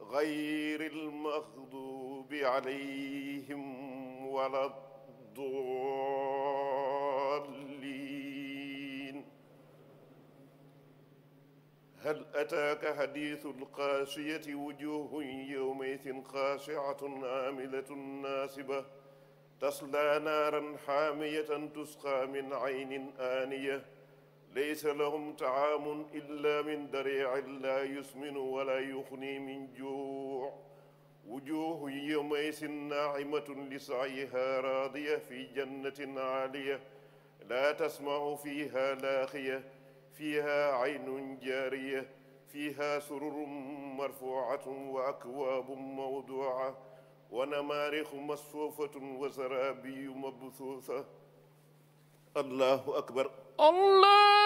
غير المغضوب عليهم ولا الضالين هل أتاك حديث القاسية وجوه يومئذ خاشعة عاملة ناصبة تصلى نارا حامية تسقى من عين آنية laysa lahum taamun illa min dariicin laa yusminu wala yuxni min juu wujuuhu yawmaysin naacimatun li sacyihaa raadiya fi jannatin caaliya laa tasmacu fiihaa laaxiya fiihaa caynun jaariya fiihaa sururun marfuucatun wa akwaabun mawduuca wa namaarixu masfuufatun wa saraabiyu mabsuusa allahu akbar Allah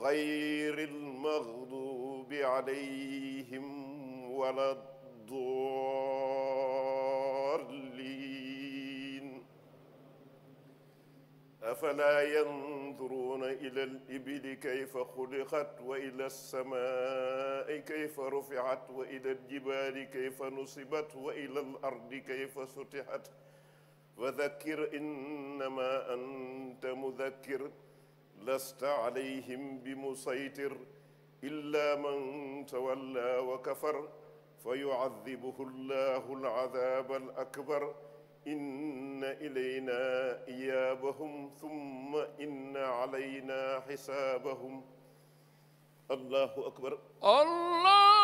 غير المغضوب عليهم ولا الضالين أفلا ينظرون إلى الإبل كيف خلقت وإلى السماء كيف رفعت وإلى الجبال كيف نصبت وإلى الأرض كيف سطحت وذكر إنما أنت مذكر lasta alayhim bi musaytir illa man tawalla wa kafar fa yuadibuhu llahu alaadaba alakbar inna ilayna iyaabahum thumma inna alayna xisaabahum allahu akbar allah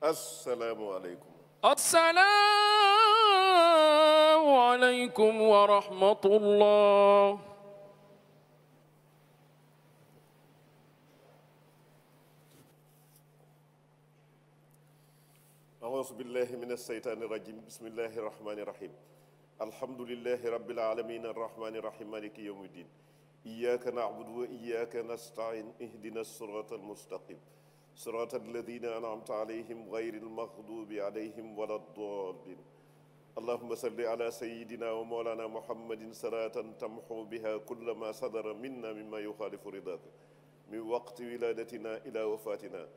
asalaamualeykum. asalaamualeykum wa rahmatullah. أعوذ بالله من الشيطان الرجيم بسم الله الرحمن الرحيم الحمد لله رب العالمين الرحمن الرحيم مالك يوم الدين إياك نعبد وإياك نستعين اهدنا الصراط المستقيم صراط الذين أنعمت عليهم غير المغضوب عليهم ولا الضالين اللهم صل على سيدنا ومولانا محمد صلاة تمحو بها كل ما صدر منا مما يخالف رضاك من وقت ولادتنا إلى وفاتنا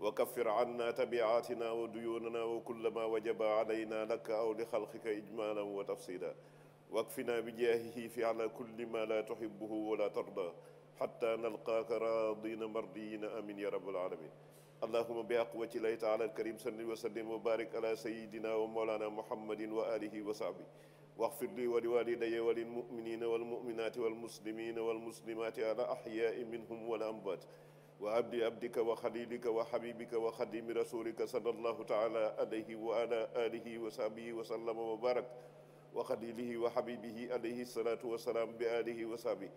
وكفر عنا تبعاتنا وديوننا وكل ما وجب علينا لك أو لخلقك إجمالا وتفصيلا واكفنا بجاهه في على كل ما لا تحبه ولا ترضى xatta nalqaaka raadina mardiyina amin ya rabbal alamin allahuma bi aqwati lahi taala alkarim salli wa sallim wa barik ala sayidina wa mawlana muhammadin wa alihi wa sahbi واغفر لي ولوالدي وللمؤمنين والمؤمنات والمسلمين والمسلمات على أحياء منهم والأموات وعبد عبدك وخليلك وحبيبك وخديم رسولك صلى الله تعالى عليه وعلى آله وصحبه وسلم وبارك وخليله وحبيبه عليه الصلاة والسلام بآله وصحبه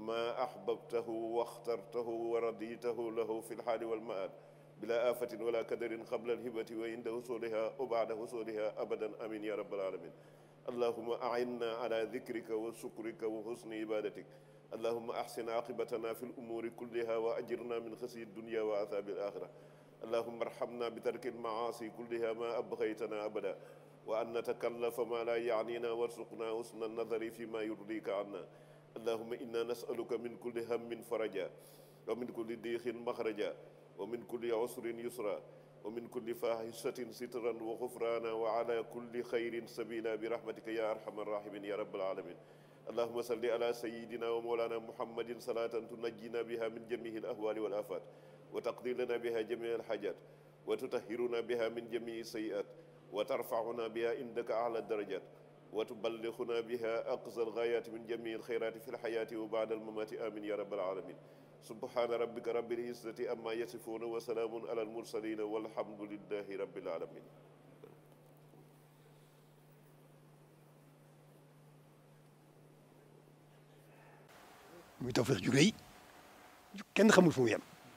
ما أحببته واخترته ورديته له في الحال والمآل بلا آفة ولا كدر قبل الهبة وعند وصولها وبعد وصولها أبدا آمين يا رب العالمين اللهم أعنا على ذكرك وشكرك وحسن عبادتك اللهم أحسن عاقبتنا في الأمور كلها وأجرنا من خزي الدنيا وعذاب الآخرة اللهم ارحمنا بترك المعاصي كلها ما أبغيتنا أبدا وأن نتكلف ما لا يعنينا وارزقنا حسن النظر فيما يرضيك عنا allahumma inna nasaluka min kulli hammin faraja wa min kulli diixin maxraja wa min kulli usrin yusra wa min kulli fahishatin sitran wa xufrana wa ala kulli xayrin sabila bi rahmatika ya arhamar rahimin ya rabbal alamin allahumma salli ala sayidina wa mawlana muhammadin salatan tunajjina biha min jamihi al ahwali wal afat wa taqdi lana biha jamii al hajat wa tutahhiruna biha min jamii sayiat wa tarfauna biha indaka ala darajat wa tuballighuna biha aqsa alghayati min jamii alxayrati fi lxayaati wa baada almamaati amin ya rabbal alamin subhaana rabbika rabbil izzati amma yasifuuna wa salaamun ala almursalina walhamdulillahi rabbil alamin muy Tawfekh jugee yi kenn xamul fu mu yem